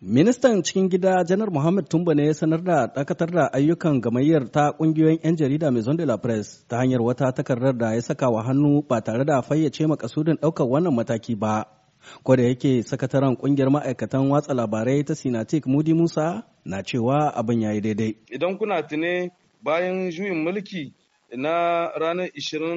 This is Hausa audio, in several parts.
Ministan cikin gida Janar Muhammad Tumba ne ya sanar da dakatar da ayyukan gamayyar ta ƙungiyoyin 'yan jarida mai de la Presse ta hanyar wata takardar da ya saka wa hannu ba tare da fayyace makasudin ɗaukar wannan mataki ba. Ko da yake sakataren ƙungiyar ma'aikatan watsa labarai ta Sinatik Mudi Musa na cewa abin ya yi daidai. Idan kuna tuni bayan juyin mulki na ranar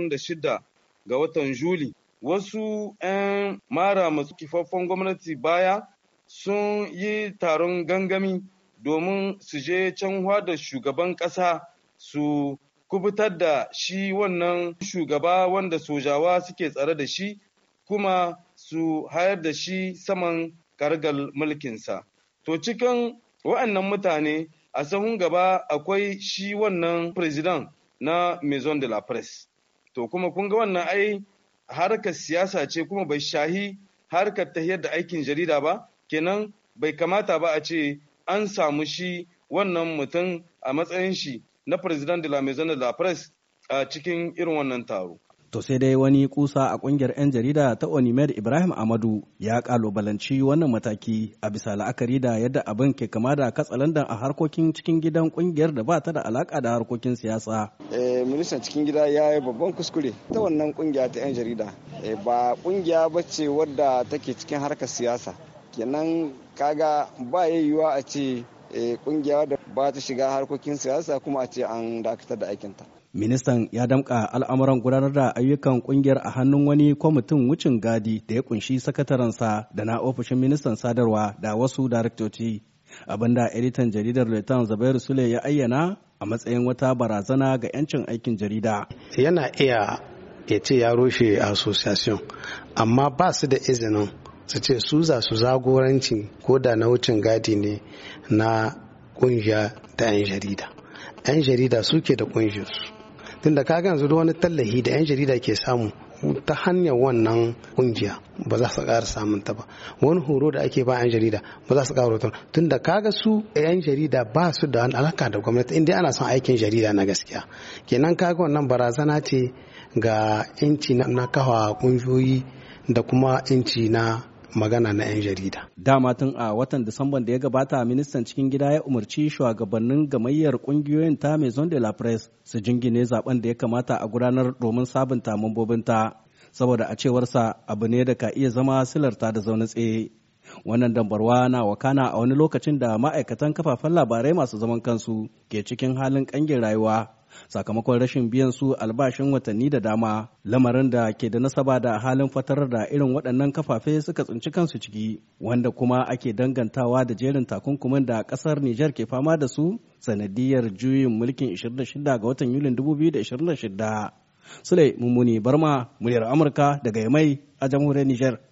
da shida ga watan Juli, wasu 'yan mara masu kifaffen gwamnati baya sun yi taron gangami domin su je can da shugaban ƙasa su kubutar da shi wannan shugaba wanda sojawa suke tsare da shi kuma su hayar da shi saman kargal mulkinsa. To cikin wa'annan mutane a sahun gaba akwai shi wannan president na Maison de la Presse. To kuma kun ga wannan ai harkar siyasa ce kuma bai shahi harkar ta da aikin jarida ba, kenan bai kamata ba a ce an samu shi wannan mutum a matsayin shi na president de la maison de la presse a cikin irin wannan taro To sai dai wani kusa a kungiyar 'yan jarida ta Onimed Ibrahim Amadu ya kalubalanci wannan mataki a bisa la'akari da yadda abin ke kama da katsalandan a harkokin cikin gidan kungiyar da ba ta da alaka da harkokin siyasa. Eh, ministan cikin gida ya yi babban kuskure ta wannan kungiya ta 'yan jarida eh, ba kungiya ba ce wadda take cikin harkar siyasa. kenan kaga ba yayyuwa a ce eh, kungiya da ba ta shiga harkokin siyasa kuma a ce an dakatar da aikinta ministan ya damƙa al'amuran gudanar da ayyukan kungiyar a hannun wani kwamitin wucin gadi da ya kunshi sakatarensa da na ofishin ministan sadarwa da wasu daraktoci abinda editan jaridar Letan Zabairu Sule ya ayyana a matsayin wata barazana ga 'yancin aikin jarida. Yana iya ya ce ya rushe association amma ba su da izinin su ce su za su zagoranci ko da na wucin gadi ne na kungiya ta 'yan jarida 'yan jarida suke da kungiyarsu tunda ka wani tallahi da 'yan jarida ke samu ta hanyar wannan kungiya ba za su ƙara samun ta ba wani horo da ake ba 'yan jarida ba za su ƙara hoton tun da kaga su 'yan jarida ba su da wani alaka da gwamnati inda ana son aikin jarida na gaskiya kenan kaga wannan barazana ce ga inci na kawa kungiyoyi da kuma inci na magana na 'yan jarida. Dama tun a watan Disamban da ya gabata ministan cikin gida ya umarci shugabannin gamayyar kungiyoyin ta Maison de la Presse su jingine zaben da ya kamata a gudanar domin sabunta mambobinta. Saboda a cewarsa abu ne da ka iya zama silarta da zaune tsaye. Wannan dambarwa na wakana a wani lokacin da ma'aikatan kafafen labarai masu zaman kansu ke cikin halin ƙangin rayuwa sakamakon rashin biyan su albashin watanni da dama lamarin da ke da nasaba da halin fatarar da irin waɗannan kafafe suka tsinci kansu ciki wanda kuma ake dangantawa da jerin takunkumin da ƙasar Nijar ke fama da su sanadiyar juyin mulkin 26 ga watan Yulin 2026. Sule Mummuni Barma, muryar Amurka daga Yamai a jamhuriyar Nijar.